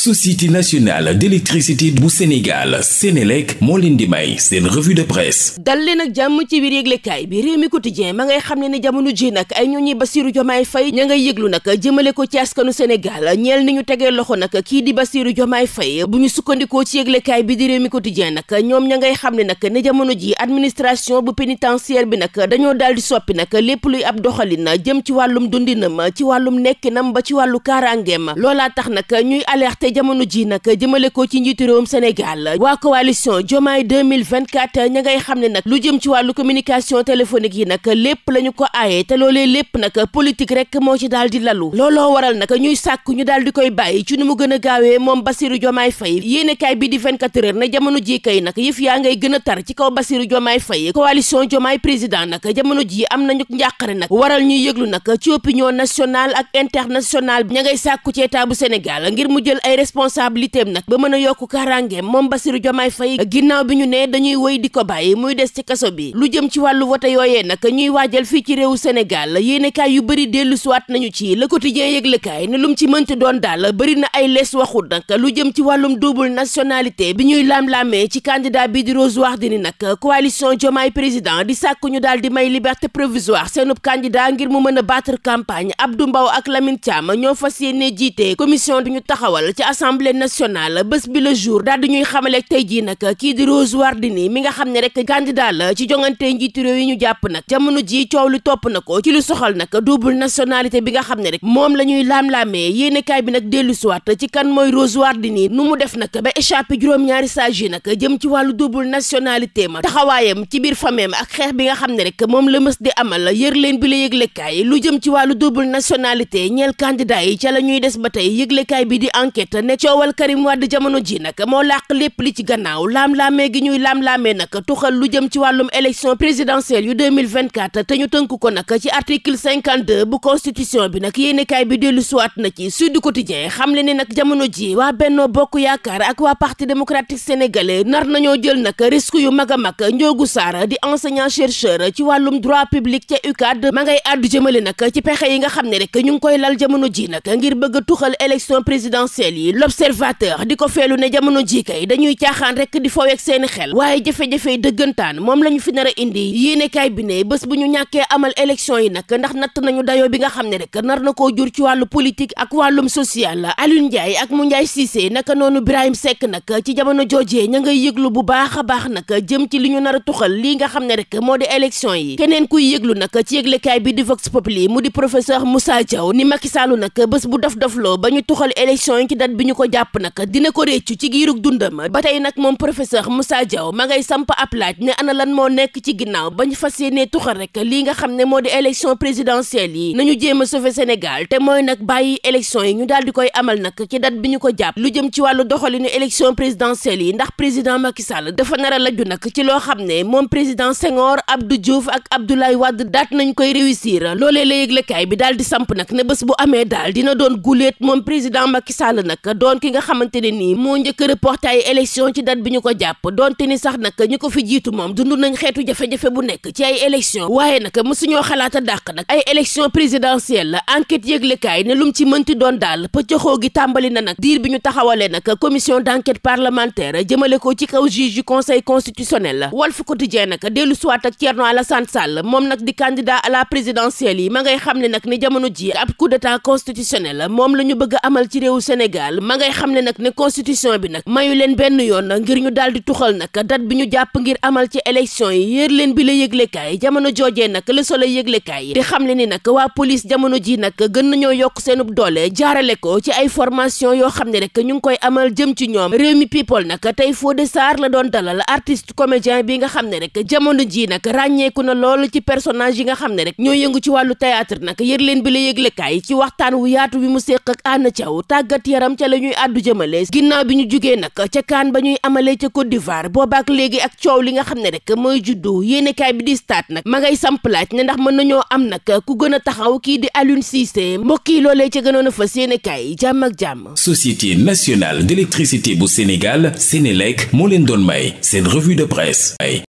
société nationale d'électricité bu Sénégal Sénélec moo leen di may seen revue de presse dal leen ak jàmm ci biir yëglekaay bi réew mi quotidien ma ngay xam ne ne jamono ji nag ay ñoo ñuy Basiru Jomaay Fay ña ngay yëglu nag jëmale ko ci askanu Sénégal ñeel ni ñu tegee loxo nag kii di Basiru Jomaay Fay bu ñu sukkandikoo ci yëglekaay bi di réew mi quotidien nag ñoom ña ngay xam ne nag ne jamono ji administration bu pénitentiaire bi nag dañoo daal di soppi nag lépp luy ab doxalin jëm ci wàllum dundinam ci wàllum nekkinam ba ci wàllu kaaraangeem loolaa tax jamono ji nag jëmale ko ci njiitu réewum Sénégal waa mille vingt 2024 ña ngay xam ne nag lu jëm ci wàllu communication téléphonique yi nag lépp la ñu ko aaye te loolee lépp nag politique rek moo ci daal di lalu looloo waral nag ñuy sàkk ñu daal di koy bàyyi ci nu mu gën a gaawee moom Bassirou Diomaye Faye yéenekaay bi di 24 heures na jamono ji kay nag yëf yaa ngay gën a tar ci kaw Bassirou Diomaye Faye coalition Diomaye président nag jamono ji am nañu njàqare nag waral ñuy yëglu nag ci opinion nationale ak internationale ña ngay sàkku ci état bu Sénégal ngir mu jël responsabilité am nag ba mën a yokku kaaraangeem moom Bassirou Diomaye Faye ginnaaw bi ñu ne dañuy wéy di ko bàyyi muy des ci kaso bi lu jëm ci wàllu wote yooyee nag ñuy waajal fii ci réewu Sénégal yéenekaay yu bëri dellu siwaat nañu ci Le Quotidien yëglekaay ne lu mu ci mënti doon daal bëri na ay lees waxut nag lu jëm ci wàllum double nationalité bi ñuy laam-laamee ci candidat bi di Rose Wardini nag coalition Diomaye président di sàkk ñu daal di may liberté provisoire seenub candidat ngir mu mën a battre campagne Abdou Mbow ak Lamine Thiam ñoo assemblée nationale bés bi le jour daal di ñuy xamale tey jii nag kii di Rose Wardini mi nga xam ne rek candidat la ci jongante njiitu yi ñu jàpp nag jamono ji coow lu topp na ko ci lu soxal nag double nationalité bi nga xam ne rek moom la ñuy laam-laamee bi nag dellu siwaat ci kan mooy Rose Wardini nu mu def nag ba échappé juróom-ñaari sages yi nag jëm ci wàllu double nationalité ma taxawaayam ci biir fameem ak xeex bi nga xam ne rek moom la mës di amal yër leen bi la yëglekaay lu jëm ci wàllu double nationalité ñeel candidat yi ca la ñuy des ba tey yëglekaay bi di enquête ne coowal Karim Wade jamono ji nag moo làq lépp li ci gannaaw laam-laamee gi ñuy laam-laamee nag tuxal lu jëm ci wàllum élection présidentielle yu 2024 te ñu tënk ko nag ci article 52 bu constitution bi nag yéenekaay bi dellu suwaat na ci Sud Quotidien xam le ne nag jamono ji waa Benno Bokk Yaakaar ak waa Parti démocratique sénégalais nar nañoo jël nag risque yu mag a mag Ndiogou Sarr di enseignant chercheur ci wàllum droit public ca UCAD ma ngay àddu jëmale nag ci pexe yi nga xam ne rek ñu ngi koy lal jamono ji nag ngir bëgg tuxal élection présidentielle yi yi l'observateur di ko feelu ne jamono ji kay dañuy caaxaan rek di fooweeg seeni xel waaye jafe-jafe dëggantaan moom la ñu fi nar a indi yéenekaay bi ne bés bu ñu ñàkkee amal élection yi nag ndax natt nañu dayoo bi nga xam ne rek nar na koo jur ci wàllu politique ak wàllum social Alioune Ndiaye ak Moundiaye Cissé naka noonu Ibrahim sekk nag ci jamono joojee ña ngay yëglu bu baax a baax nag jëm ci li ñu nar a tuxal lii nga xam ne rek moo di élection yi keneen kuy yëglu nag ci yëglekaay bi di Vox Populi mu di professeur Moussa Diaw ni Macky Sall nag bés bu dof dofloo ba bi ñu ko jàpp nag dina ko réccu ci giirug dundam ba tey nag moom professeur Moussa Diaw ma ngay samp ab laaj ne ana lan moo nekk ci ginnaaw ba ñu fas yéenee tuxal rek lii nga xam ne moo di élection présidentielle yi nañu jéem a sauver Sénégal te mooy nag bàyyi élection yi ñu daal di koy amal nag ci date bi ñu ko jàpp lu jëm ci wàllu doxalinu élection présidentielle yi ndax président Macky dafa nara a laju nag ci loo xam ne moom président Senghor Abdou Diouf ak Abdoulaye Wade daat nañ koy réussir loolee la bi daal di samp nag ne bés bu amee daal dina doon guléet moom président Macky Sall nag doon ki nga xamante ne nii moo njëkk reporté ay élection ci date bi ñu ko jàpp doonte ni sax nag ñu ko fi jiitu moom dundu nañ xeetu jafe-jafe bu nekk ci ay élection waaye nag mësuñoo xalaata dàq nag ay élection présidentielle la enquête yëglekaay ne lu mu ci mënti doon daal pëccëxoo gi tàmbali na nag diir bi ñu taxawalee nag commission d'enquête parlementaire jëmale ko ci kaw juge yu conseil constitutionnel Walf Quotidien nag dellu suwaat ak Thierno Alassane moom nag di candidat à la présidentielle yi ma ngay xam ne nag ni jamono ji ab coup d'état constitutionnel moom la ñu bëgg amal ci réewu Sénégal Sall ma ngay xam ne nag ne constitution bi nag mayu leen benn yoon ngir ñu daal di tuxal nag dat bi ñu jàpp ngir amal ci élection yi yéer leen bi la yëglekaay jamono joojee nag Le Soleil yëglekaay yi di xam le ni nag waa police jamono ji nag gën nañoo yokk seenub doole jaarale ko ci ay formation yoo xam ne rek ñu ngi koy amal jëm ci ñoom réew mi people nag tey Fodé Sarr la doon dalal artiste comédien bi nga xam ne rek jamono ji nag ràññeeku na lool ci personnage yi nga xam ne rek ñoo yëngu ci wàllu théâtre nag yër leen bi la yëglekaay ci waxtaan wu yaatu wi mu séq ak Anna Thiaw tàggat yaram ca la ñuy àddu jëmale ginnaaw bi ñu jógee nag ca kaan ba ñuy amalee ca Côte d'Ivoire boobaak léegi ak coow li nga xam ne rek mooy juddu yéenekaay bi di stade nag ma ngay samplaaj ne ndax mën nañoo am nag ku gën a taxaw kii di alune Cissé mbokk yi loolee ca gënoon a fas yéenekaay yi jàmm ak jàmm. Société nationale d'électricité bu Sénégal Sénélec moo leen doon may seen revue de presse ay